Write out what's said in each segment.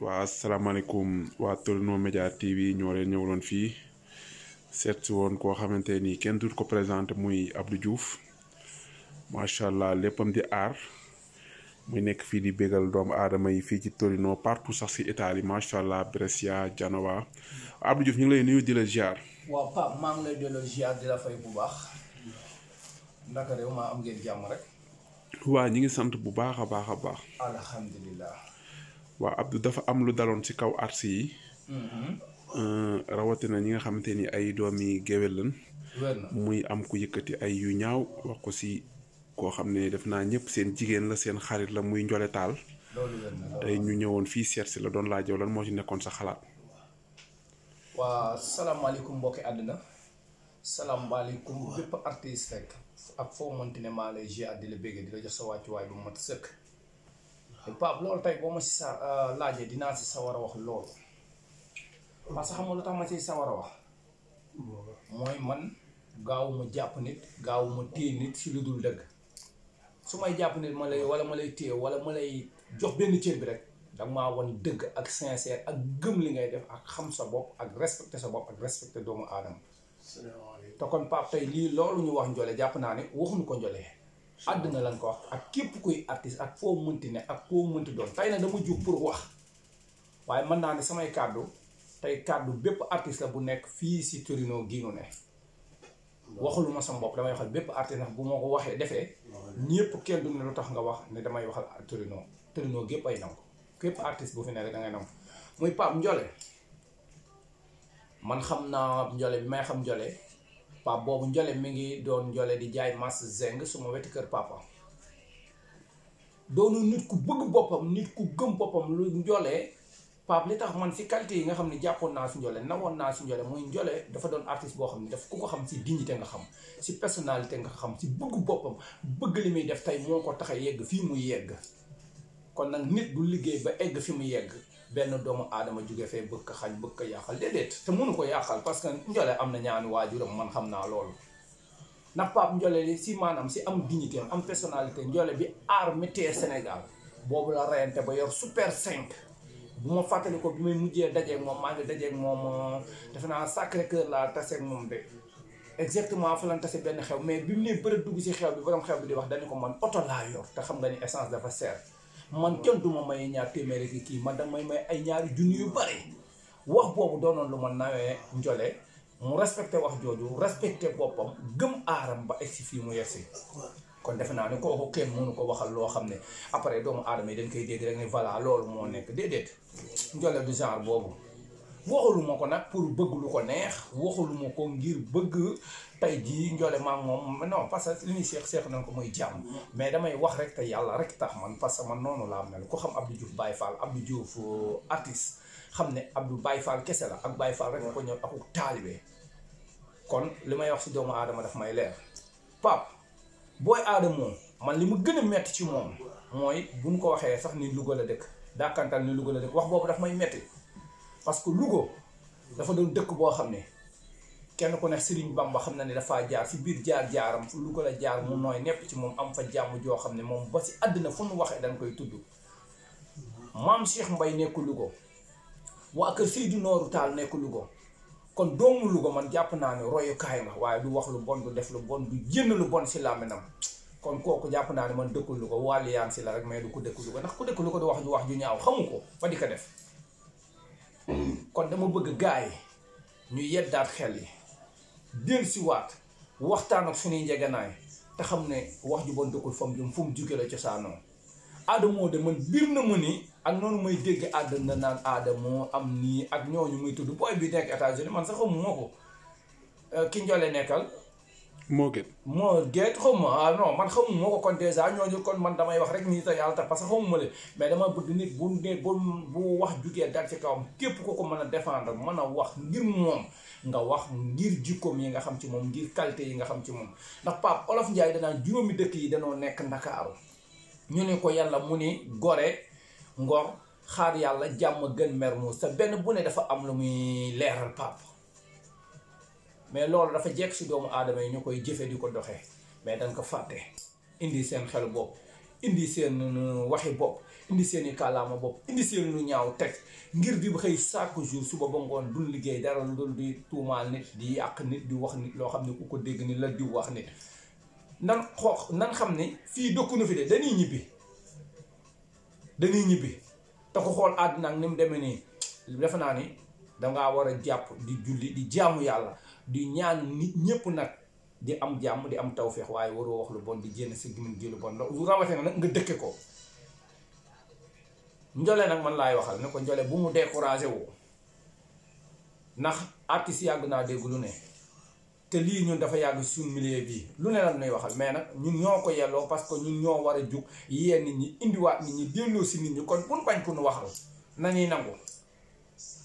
waa asalaamaaleykum waa Torino Media TV ñoo leen ñëwloon fii seet si woon koo xamante nii kenn du ko présenté muy Abdou juuf macha allah léppam di aar muy nekk fii di bégal doomu aadama yi fii ci Torino partout sax si Italie macha allah Brescia Genova Abdou juuf ñu ngi lay nuyu di la ziar. waaw Pape maa am ngeen jàmm rek. waa ñu ngi sant bu baax a baax a baax. waaw Abdou dafa am lu daloon ci kaw arts yi. Mm-hmm. Euh, rawatina ñi nga xamante ni ay doomi géwél lañ muy am ku yëkkati ay yu ñaaw wax ko ci koo xam ne def naa ñëpp seen jigéen la seen xarit la muy njole taal. tey ñu ñëwoon fii seet si la doon laa jow lan moo ci nekkoon sa xalaat. waa salaamaaleykum mbokki àddina salaamaaleykum bépp artiste rek ak foo mënti ne maa lay ji di la bégg sa wàccuwaay bu mat sëkk. te Pape loolu tey boo ma si sa euh, laajee dinaa si sawar a wax loolu ma que xam nga tax ma si sawar wax mooy man gaawuma jàpp nit gaawuma téye nit si lu dul dëgg su may jàpp nit ma lay wala ma lay téye wala ma lay jox benn cër bi rek danga maa wan dëgg ak sincère ak gëm li ngay def ak xam sa bopp ak respecté sa bopp ak respecté doomu aadama te kon Pape tey lii loolu ñu wax Ndiolé jàpp naa ne waxuñu ko njole aduna lañ ko wax ak képp kuy artiste ak foo mënti ne ak koo mënti doon tey nag dama pour wax waaye mën naa ne samay kàddu tey kàddu bépp artiste la bu nekk fii si Torino ne waxuluma sama bopp damay waxal bépp artiste nag bu ma ko waxee defee ñëpp kenn du ne lu tax nga wax ne damay waxal Torino Torino gépp ay nangu képp artiste bu fi ne rek da ngay nangu muy Pape Ndiolé man xam Ndiolé bi may xam Ndiolé pap boobu njole mi ngi doon njole di jaay mas zeng suma weti kër papa doonu nit ku bëgg boppam nit ku gëm boppam lu njole pap li tax man si qualité yi nga xam ne jàppoon naa si njole nawoon naa si njole muy njole dafa doon artiste boo xam ne daf ku ko xam si dignité nga xam si personnalité nga xam si bëgg boppam bëgg li muy def tey moo ko tax a yegg fii muy yegg kon nag nit du liggéey ba egg fi mu yegg benn doomu aadama jóge fee bëgg xañ bëgg yàqal déedéet te mënu ko yàqal parce que njole am na ñaani waajuram man xam naa loolu ndax Pape Ndiolé si maanaam si am dignité am personnalité njole bi aar métier Sénégal boobu la reyante ba yor super 5 bu ma fàttali ko bi may mujjee dajeeg moom maa ngi dajeeg moom euh, defe naa Sacré-Cœur laa taseeg moom de exactement fa lan tase benn xew mais bi mu ne bëri dugg si xew bi borom xew bi di wax dañu ko man oto laa yor te xam nga ni essence man kenn du ma may ñaar téeméeri ki kii man damay may ay ñaari junni yu bare wax boobu doonoon lu ma nawee njole mu respecté wax jooju respecté boppam gëm aaram ba egsi fii mu si kon defe naa ne kooku kenn mënu ko waxal loo xam ne après doomu aadama yi dañ koy dégg rek ne voilà loolu moo nekk déedéet njole du genre boobu waxuluma ko nak pour bëgg lu ko neex waxuluma ko ngir bëgg tay ji njoole ma mom non parce que li ñuy seex seex nañ ko moy jàmm mais damay wax rek te yalla rek tax man parce que man nonu la mel ko xam Abdou Diouf Baye Fall Abdou Diouf euh, artiste Abdou Baye Fall la ak Baye Fall rek ko ñëw aku talibé kon limay may wax ci doomu adama daf may leer pap boy aadamoo man limu gëna metti ci mom moy buñ ko waxé sax ni Louga la dëkk ni Louga la dëkk wax daf may metti parce que Louga dafa doon dëkk boo xam ne kenn ku nekk Serigne Bamba xam na ne dafaa jaar fi biir jaar-jaaram fu Louga la jaar mu nooy nepp ci moom am fa jàmm joo xam ne moom ba si àddina fu nu waxee dañ koy tudd maam Mbay nekk Louga waa kër Seydou Nooru Taal nekk Louga kon doomu Louga man jàpp naa ne royukaay nga waaye du wax lu bon du def lu bon du jënd lu bon si làmminam kon kooku jàpp naa ne man dëkk Louga wàllu yaan si la rek mais du ko dëkk Louga ndax ku dëkk Louga du wax ju wax ju ñaaw xamu ko fa di ko def kon dama bëgg gaay ñu yeddaat xel yi del si waat waxtaan ak suñuy njeganaay te xam ne wax ju bon dëkkul fam jum fu mu la cosaanoo aadamoo de man biir na mu ni ak noonu may dégg àdduna naan aadamoo am nii ak ñooñu muy tudd booy bi nekk États-Unis man sax xamu moo ko euh, ki njole nekkal moo gën moo gën xaw ma ah man xaw moo ko kon dèjà ñooñu kon man damay wax rek nii te yàlla tax parce que xaw ma mais dama bëgg nit bu ne bu bu wax jugee dal ci kawam képp ko ko mën a défendre mën a wax ngir moom nga wax ngir jikkoom yi nga xam ci moom ngir qualité yi nga xam ci moom ndax Pape Olof Ndiaye danaan juróomi dëkk yi danoo nekk Ndakaaru ñu ne ko yàlla mu ni Gorée Ngor xaar yàlla jàmm gën Mermoz sa benn bu ne dafa am la muy leeral Pape. mais loolu dafa jekk si doomu aadama yi ñu koy jëfe di ko doxee mais dañ ko fàtte indi seen xel bopp indi seen euh, waxi bopp indi seen i kàllaama bopp indi seen lu ñaaw teg ngir di xëy chaque jour suba ba ngoon dul liggéey dara lu dul di tuumaal nit di yàq nit di wax nit loo xam ne ku ko dégg ni la di wax nit nan xoox nan xam ne fii dëkku na fi de dañuy ñibbi dañuy ñibbi te ko xool àdduna ak ni mu demee nii defe naa ni dangaa war a jàpp di julli di jaamu yàlla di ñaan nit ñëpp nag di am jàmm di am tawféex waaye waroo wax lu bon di génn si gimin ji lu bon lu rawatina nag nga dëkke ko njole nag man laay waxal ne ko njole bu mu découragé wu ndax artiste yàgg naa dégg lu ne te lii ñun dafa yàgg suñu milieu bii lu ne la nuy waxal mais nag ñun ñoo ko yelloo parce que ñun ñoo war a jug yee nit ñi indiwaat nit ñi delloo si nit ñi kon buñ bañ ku nu waxal na ñuy nangu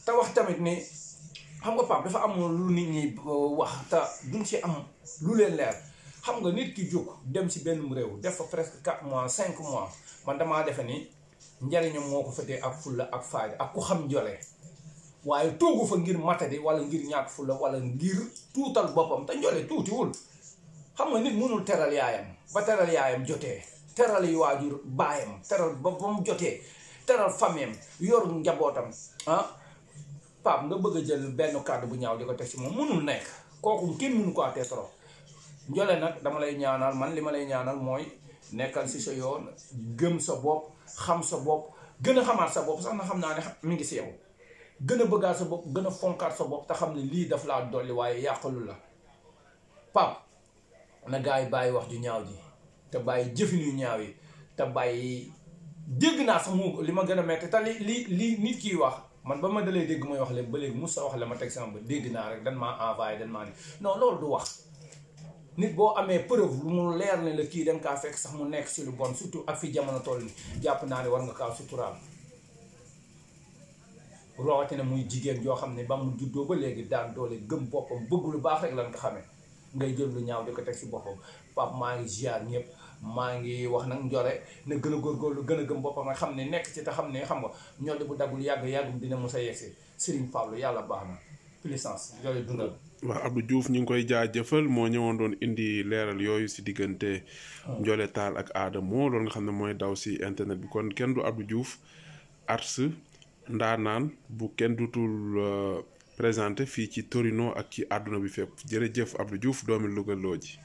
te wax tamit ni xam nga Pape dafa am lu nit ñi euh, wax ta duñ ci am lu leen leer xam nga nit ki jóg dem si benn réew def fa presque quatre mois cinq mois man dama defe ni njariñam moo ko fëtee ak fulla ak faaj ak ku xam jolee waaye toogu fa ngir matadi wala ngir ñàkk fulla wala ngir tuutal boppam te njole tuutiwul xam nga nit mënul teral yaayam ba teral yaayam jotee teral yi waajur baayam teral ba mu teral famem yor njabootam ah Pape nga bëgg a jël benn kàddu bu ñaaw di ko teg si moom mënul nekk kooku kenn mënu ko àttee trop njole nag dama lay ñaanal man li ma lay ñaanal mooy nekkal si sa yoon gëm sa bopp xam sa bopp gën a xamaat sa bopp sax na xam naa ne mu ngi si yow gën a bëggaat sa bopp gën a fonkaat sa bopp te xam ne lii daf laa dolli waaye yàqalu la Pape na gars yi bàyyi wax ju ñaaw ji te bàyyi jëfin yu ñaaw yi te bàyyi dégg naa sax mu li ma gën a metti te li li nit kiy man ba ma dalee dégg mooy wax le ba léegi Moussa wax la ma teg sama ba dégg naa rek dan maa envoyé dan maa ni non loolu du wax nit boo amee preuve lu mu leer ne la kii da kaa fekk sax mu nekk si lu bon surtout ak fi jamono toll ni jàpp naa ne war nga kaa suturaam rawatina muy jigéen joo xam ne ba mu juddoo ba léegi daan doole gëm boppam bëgg lu baax rek la nga xamee ngay jël lu ñaaw di ko teg si boppam Pape maa ngi ziar ñëpp maa ngi wax nag njore na gën a góorgóorlu gën a gëm boppam nga xam ne nekk ci te xam ne xam nga ñoo di bu daggul yàgg yàggum dina mos a yegsi Serigne yàlla baax na puissance njore dundal. waaw Abdou Diouf ñu ngi koy jëfal moo ñëwoon doon indi leeral yooyu si diggante. Ah. Ndiolé Tall ak Adamo loolu nga xam ne mooy daw si internet bi kon kenn du Abdou Diouf ars ndaanaan bu kenn dutul euh, présente fii ci Torino ak ci àdduna bi fépp jërëjëf Abdou Diouf doomi Louga ji.